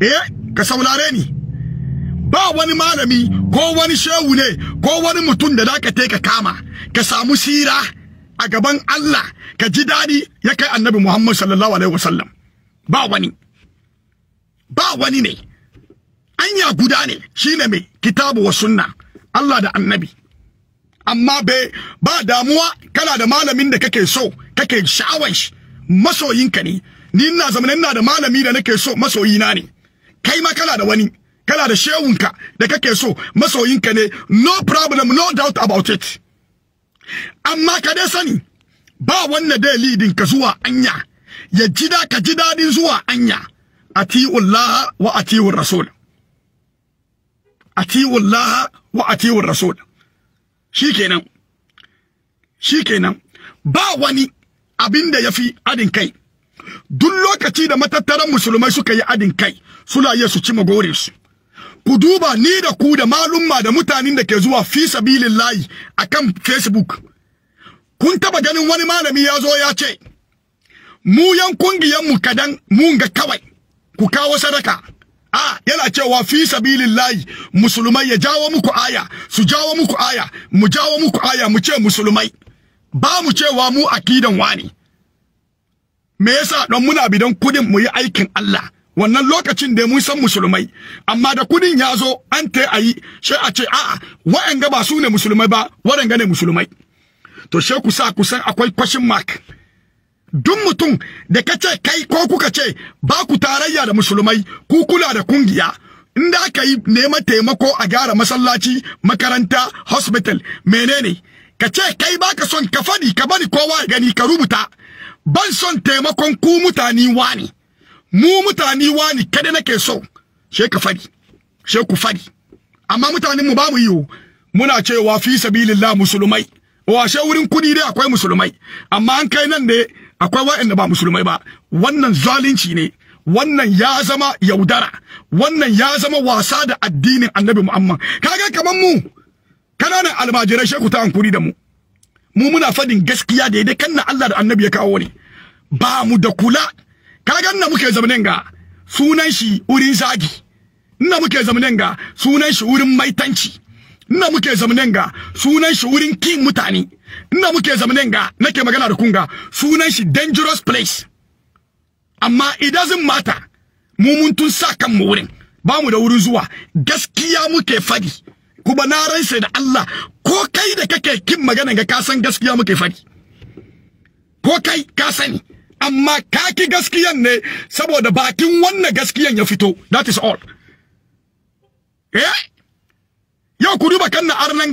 eh ka saurare ni ba wani malami ko wani shehu ne ko wani mutum da zaka ka kama ka samu sira a gaban Allah ka ji dadi ya kai annabi Muhammad sallallahu alaihi wasallam ba wani ba wani ne anya guda ne shine me kitabu wa sunna Allah da annabi amma be ba damuwa kana da malamin da kake so kake sha'awan shi masoyinka ne ni ina zamana ina da malami da nake so masoyina ne kai ma kana da wani kana da shehunka da kake so masoyinka ne no problem no doubt about it amma ka dai sani ba wannan dai leading ka zuwa anya ya ji da ka ji dadin zuwa anya atiullah wa atiur rasul atiullah wa atiur rasul shikenan shikenan ba wani abin da yafi adin kai duk lokaci da matattaran musulmai suka yi adin kai suna iya su ci magorinsu. ku duba ni da ku da malumma da mutanen da ke zuwa fi a kan facebook kun taba ganin wani malami ya zo ya ce mu yan kungiyan mu kadan mun ga kawai ku kawo sadaka a yana cewa fi sabilillahi musulmai ya jawo muku aya su jawo muku aya mu jawo muku aya mu ce musulmai ba mu cewa mu akidan wani me yasa don muna bidan kudin mu yi aikin Allah wannan lokacin da mun san musulmai amma da kudin ya zo an ta a yi sai a ce a'a waɗanga ba su ne musulmai ba waɗanga ne musulmai to sai ku sa ku san akwai question mark duk mutum da ka ce kai ko kuka ce ba ku tarayya da musulmai ku kula da kungiya in da aka yi neman taimako a gyara masallaci makaranta hospital menene ka ce kai baka son ka faɗi ka bari kowa gani ka rubuta ban son taimakon ku mutane wani mu mutane wani kada nake so she ka fadi she ku fadi amma mutanen mu bamu mu muna cewa fi sabilillah musulmai washe wurin kudi dai akwai musulmai amma an kai nan ne akwai waɗanda ba musulmai ba wannan zalunci ne wannan ya zama yaudara wannan ya zama wasa da addinin annabi muhammad kaga kaman mu kananan almajirai sheku ta hankuri da mu mu muna fadin gaskiya da kan kanna Allah da annabi ya kawo ne ba mu da kula kaga na muke zamanin ga sunan shi urin zagi ina muke zamanin ga sunan shi urin maitanci ina muke zamanin ga sunan shi urin kin mutane ina muke zamanin ga nake magana da kunga sunan shi dangerous place amma it doesn't matter mu mun tun sa kan mu wurin ba mu da wurin zuwa gaskiya muke fadi kuma na ransa da Allah ko kai da kake kin magana ga kasan gaskiya muke fari ko kai ka sani amma kaki gaskiyan ne saboda bakin wannan gaskiyan ya fito that is all eh yau ku duba kan na arnan